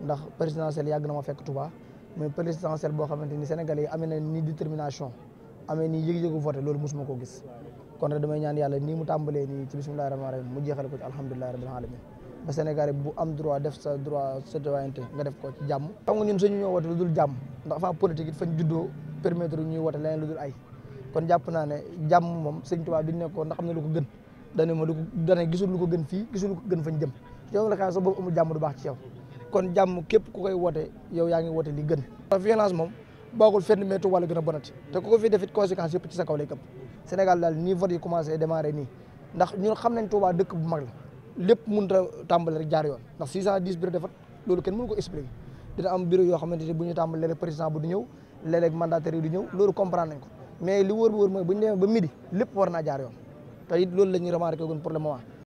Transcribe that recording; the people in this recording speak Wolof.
ndax présidentielle yàgg na ma fekk Touba mais présidentielle boo xamante ni sénégal yi amee na ni détermination amee ni yëg-yëgu voté loolu mosuma ko gis kon nag damay ñaan yàlla nii mu tàmbalee nii ci bismillahi rahmaani rahim mu jeexale ko ci alhamdulilahi rabbil alamin ba bu am droit def sa droit citoyenneté nga def ko ci jàmm xam nga ñun suñu ñoo wote lu dul jàmm ndax fa politique it fañ juddoo permettre ñuy wote leneen lu dul ay kon jàpp naa ne jàmm moom sëñ Touba bi nekkoon ndax xam ne lu ko gën dane ma lu ko gisul lu ko gën fii gisul lu ko gën fañ jëm yow la kaa sa boobu amul jàmm du baax ci yow kon jàmm képp ku koy woote yow yaa ngi woote li gën. violence moom bokkul fenn météo wala gën a bonati te ku ko fi defit conséquence yëpp ci sa kaw lay këpp Sénégal daal nii vote yi commencé démarré nii ndax ñun xam nañ Touba dëkk bu mag la lépp mënut a tàmbale rek jaar yoon ndax 610 bureau defat loolu kenn mënu ko expliquer dina am bureau yoo xamante ne bu ñu tàmbale léeg-léeg président bu du ñëw léeg-léeg mandataire yi du ñëw loolu comprendre nañ mais li wóor bu wóor ñu demee ba midi lépp war naa jaar te it loolu la ñuy remarqué woon pour